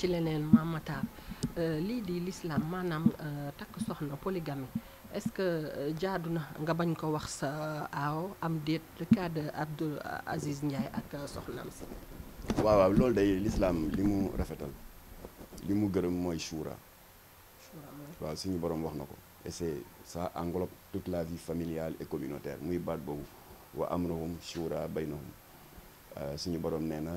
ci leneen Mame Matar euh, lii di l'islam maanaam euh, takk soxna polygamie est-ce que euh, jaadu na nga bañ ko wax sa aaw am déet le cas de Abdou Aziz Ndiaye ak soxnaam si. waaw loolu day l'islam li mu rafetal li mu gërëm mooy shura waaw suñu boroom wax na ko et c'est ça englobe toute la vie familiale et communautaire muy baat boobu am amruhum shura baynahum suñu borom nee na.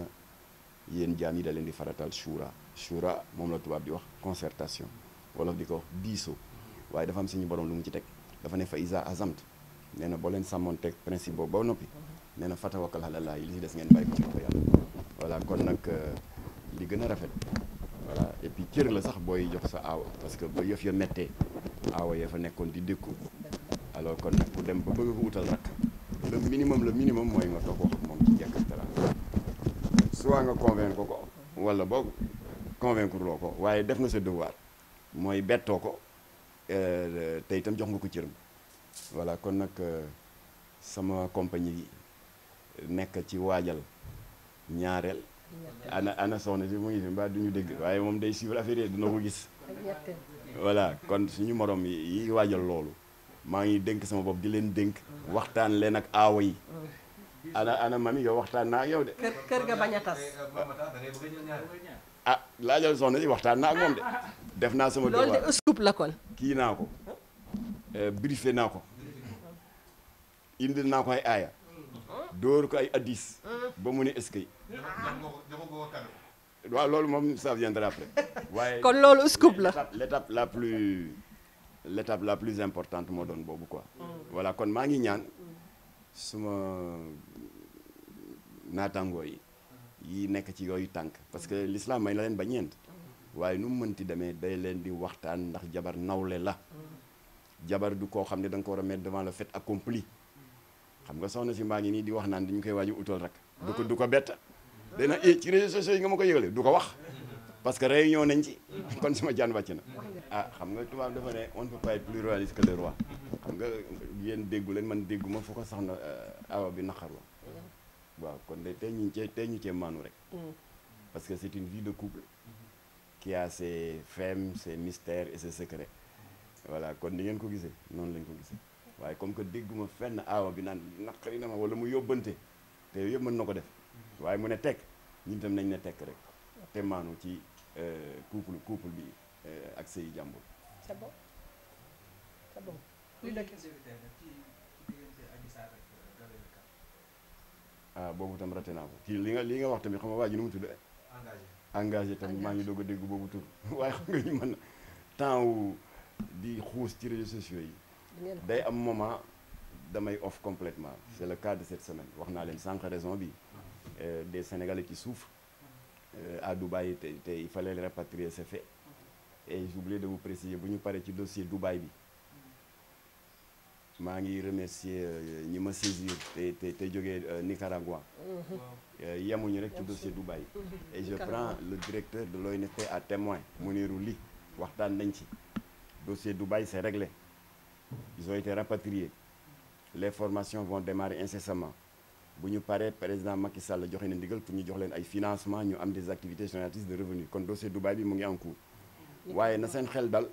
yéen jaam yi da leen di faratal shura shura moom la tubaab di wax concertation wolof di ko wax diisoo waaye dafa am suñu borom lu mu ci teg dafa ne fa isa azamt nee na boo leen sàmmoon teg principe boobu ba noppi nee na fatawakkal alallaa yi li des ngeen bàyyi ko ko yàlla voilà kon nag euh, li gën a rafet voilà et puis cër la sax booy jox sa aawa parce que ba yëf ya mettee aawa ya fa nekkoon di dékku alors kon nag ku dem ba bëgg ko wutal rakk le minimum le minimum mooy nga toog moom ci njëkk soit nga convaincre ko wala boog convaincre loo ko waaye def nga sa devoir mooy bettoo ko euh, te itam jox nga ko cëram voilà kon nag euh, sama compagnie yi nekk ci waajal ñaareel ana ana soxna si mu ngi fi mbaa du ñu dégg waaye moom day suivre affaire yi dina ko gis voilà kon suñu moroom yi waajal loolu maa ngi dénk sama bopp di leen dénk waxtaan leen ak aawo yi ana ana mami yow waxtaan naa ak yow de. kër ga bañ a tas. ah laajal soxna si waxtaan naa ak moom de. def naa sama devoir loolu kii naa ko eh, briefé naa ko indil naa ko ay addis ba mu ne est-ce loolu moom ça viendra waaye kon la l'étape la plus l'étape la plus importante moo doon boobu quoi. Mm. voilà kon maa ngi ñaan suma. naataangoo yi yi nekk ci yooyu tànk parce que l'islam may na leen ba ñeent waaye nu mu mënti demee day leen di waxtaan ndax jabar nawle la jabar du koo xam ne danga ko war a mettre devant le fait accompli xam nga soxna si maa ngi nii di wax naan dañu koy waaju utal rek du du ko bett dana i eh, ci réseaux sociaux yi nga ma ko yëgale du ko wax parce que réunion nañ ci kon suma jaan wàcc na ah xam nga tubaab dafa ne on ne peut pas être plus royaliste roi xam nga yéen déggu leen man déggu ma fu ko soxna euh, awa bi naqar wa waaw kon de tey ñu cee tey ñu cee maanu rek. Mm. parce que c'est une vie de couple. ki a ses femmes ses mystères et ses secrets. voilà kon ni ngeen ko gisee noonu lañ ko gisee waaye comme que dégguma fenn aawa bi naan naqari na ma wala mu yóbbante te yëpp mën na ko def. waaye mu ne tekk ñun tam nañ ne tekk rek te maanu ci euh, couple couple bi euh, ak sëy jàmbur. c'est ah boobu itam raté naa ko kii li nga li nga wax tamit xam nga waa ji nu mu tudd. engagé engagé tamit maa ngi doog a dégg boobu tur waaye xam nga ñu mën temps wu di xuus ci réseaux sociaux day am moment damay off complètement c' le cas de semaine wax naa leen sànq raison bi ah. euh, de sénégalais ci suuf ah. euh, à Dubaï te te il fallait les rapatrier c' et j' de vous préciser bu ñu paree ci dossier Dubaï bi. maa ngi remercier euh, ñi ma saisir te te te jógee euh, Nicaragua euh, yemuñu rek ci dossier Dubaï et je prends le directeur de l'ONT à témoin Mounirou li waxtaan nañ ci dossier Dubaï c'est réglé ils ont été rapatriés les formations vont démarrer incessamment bu ñu paree président Macky Sall joxe na ndigal pour ñu jox leen ay financement ñu am des activités génératrices de revenus kon dossier Dubaï bi mu ngi en cours waaye na seen xel dal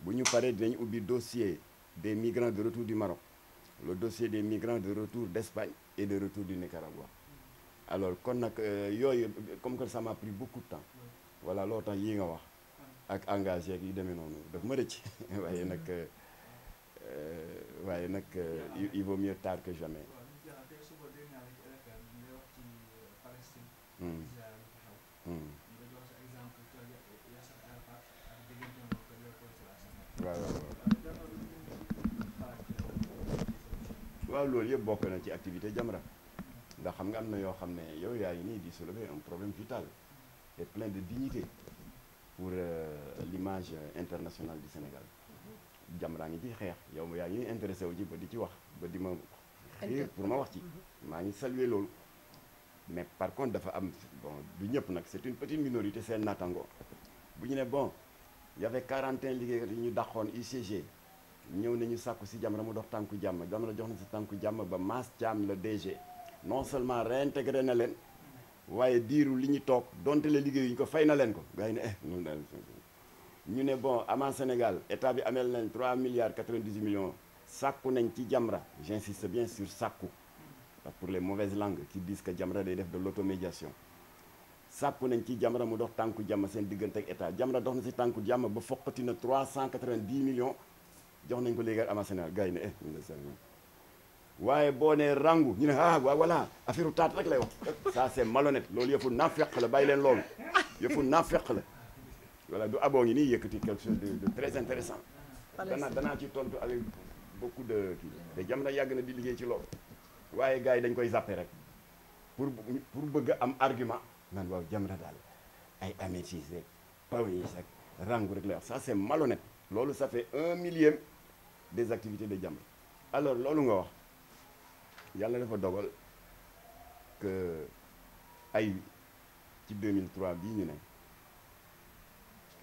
bu ñu paree dinañ ubbi dossier des migrants de retour du Maroc, loo dossier des migrants de retour d'Espagne et de retour du Nicaragua. alors kon nag euh, yooyu comme que sama pris beaucoup de temps voilà loo tax yii nga wax ak engagé ak yu demee noonu daf ma rëcc waaye nag euh, euh, waaye nag il vaut mieux tard que jamais. waaw loolu yëpp bokk na ci activité Jamra ndax xam nga am na yoo xam ne yow yaa ngi nii di soulever un problème vital et plein de dignité pour euh, l'image internationale du Sénégal Jamra ngi ciy xeex yow yaa ngi intéressé wu ji ba di ci wax ba di ma xiir pour ma wax ci mhm. maa ngi saluer loolu mais par contre dafa am bon du ñëpp nag c'est une petite minorité seen natango bu ñu ne bon y avait liggéey liggéeykat yi ñu dàqoon UCG ñëw nañu sàkku si Jamra mu dox tànku jàmm Jamra jox na si tànku jàmm ba Mass Thiam la DG non seulement réintégré na leen waaye diiru li ñu toog donte la liggéey ñu ko fay na leen ko gars yi ne eh, ñu ne bon avant Sénégal état bi ameel nañ 3 milliards 98 millions sàkku nañ ci Jamra j'insiste bien sur sàkku pour les mauvaises langues qui disent que Jamra day def de l'automédiation sàkku nañ ci Jamra mu dox tànku jàmm seen diggante ak jam Jamra dox na si tànku jàmm ba foqati na 390 millions jox nañ ko léegi amasénal gars yi ne eh waaye boo nee rangu ñu ne ah waaw voilà affaire u taat rek lay wax ça c'est malhonnête loolu yëfu naafeq la bàyyi leen lool yëpp naa naafeq la voilà du aboo ngi nii yëkkati quelque chose de très intéressant danaa danaa ci tontu avec beaucoup de kii te jamono yàgg na di liggéey ci lool waaye gars yi dañ koy zappé rek pour pour bëgg am argument naan waaw jamono daal ay amétis rek paw yi rek rangu rek lay wax ça c'est malhonnête loolu ça un millième des activités de Jamra alors loolu nga wax yàlla dafa dogal que ay ci 2003 bii ñu ne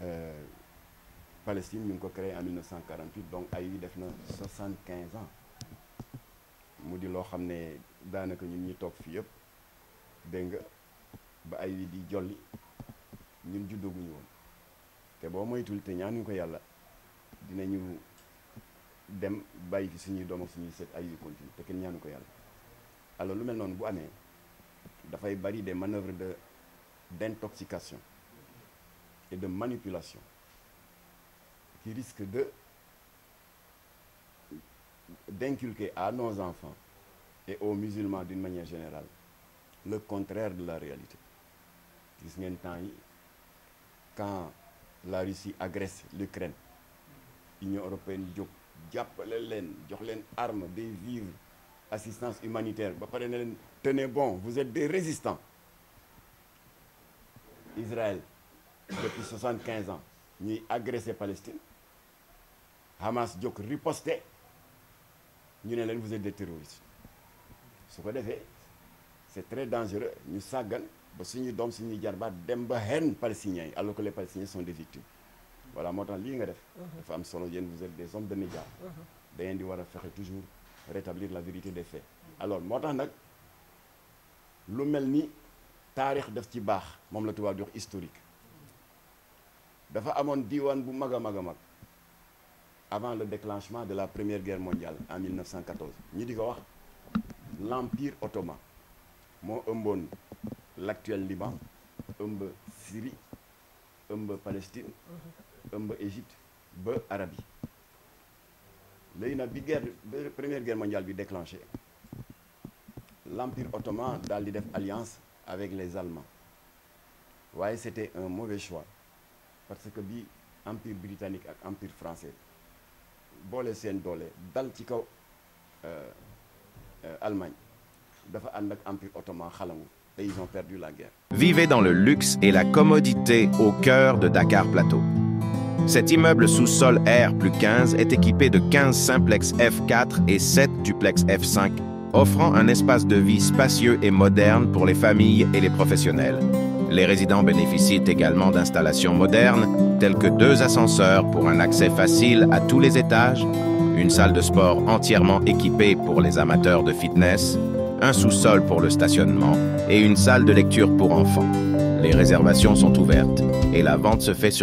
euh, Palestine ñu ngi ko créé en 1948 donc ay def na 75 ans mu di loo xam ne daanaka ñun ñu toog fii yëpp dégg nga ba ay di jolli ñun juddaguñu woon te boo moytul te ñaanuñu ko yàlla. dinañu dem bàyyi fi suñuy doom ak suñuy sët ay yu te kenn ñaanu ko yàlla alors lu mel noonu bu amee dafay bari des manœuvres de d'intoxication et de manipulation qui risque de d'inculquer à nos enfants et aux musulmans d'une manière générale le contraire de la réalité gis ngeen temps yi quand la Russie agresse l'Ukraine Union européenne jóg jàppale leen jox leen arme des vivres assistance humanitaire ba pare na leen tenez bon vous êtes des résistants Israël depuis 75 ans ñuy agressé Palestine Hamas jóg riposté ñu ne leen vous de des su ko defee c'est très dangereux ñu sàggan ba suñu doom suñuy jarbaat dem ba xen palestiniens yi alors que les palestiniens sont des victimes voilà moo tax lii nga def mhm. dafa am solo yéen vous êtes des hommes de médias mhm. da di war a fexe toujours rétablir la vérité des faits alors moo tax nag lu mel ni taarix daf ci baax moom la tubaab di wax historique dafa amoon diiwaan bu mag a mag a mag avant le déclenchement de la première guerre mondiale en 1914 ñi di ko wax l'empire ottoman moo ëmboon l'actuel Liban ëmb Syrie ëmb Palestine mhm. ëmb Égypte ba Arabie léegi nag bi guerre première guerre mondiale bi déclenché l'empire ottoman daal di def alliance avec les Allemands waaye c'était un mauvais choix parce que bi empire britannique ak empire français boole seen doole dal ci kaw euh, euh, Allemagne dafa ànd ak empire ottoman xalangu et ils perdu la guerre. Vivez dans le luxe et la commodité au cœur de Dakar Plateau. Cet immeuble sous-sol R plus 15 est équipé de 15 simplex F4 et 7 duplex F5, offrant un espace de vie spacieux et moderne pour les familles et les professionnels. Les résidents bénéficient également d'installations modernes, telles que deux ascenseurs pour un accès facile à tous les étages, une salle de sport entièrement équipée pour les amateurs de fitness, un sous-sol pour le stationnement et une salle de lecture pour enfants. Les réservations sont ouvertes et la vente se fait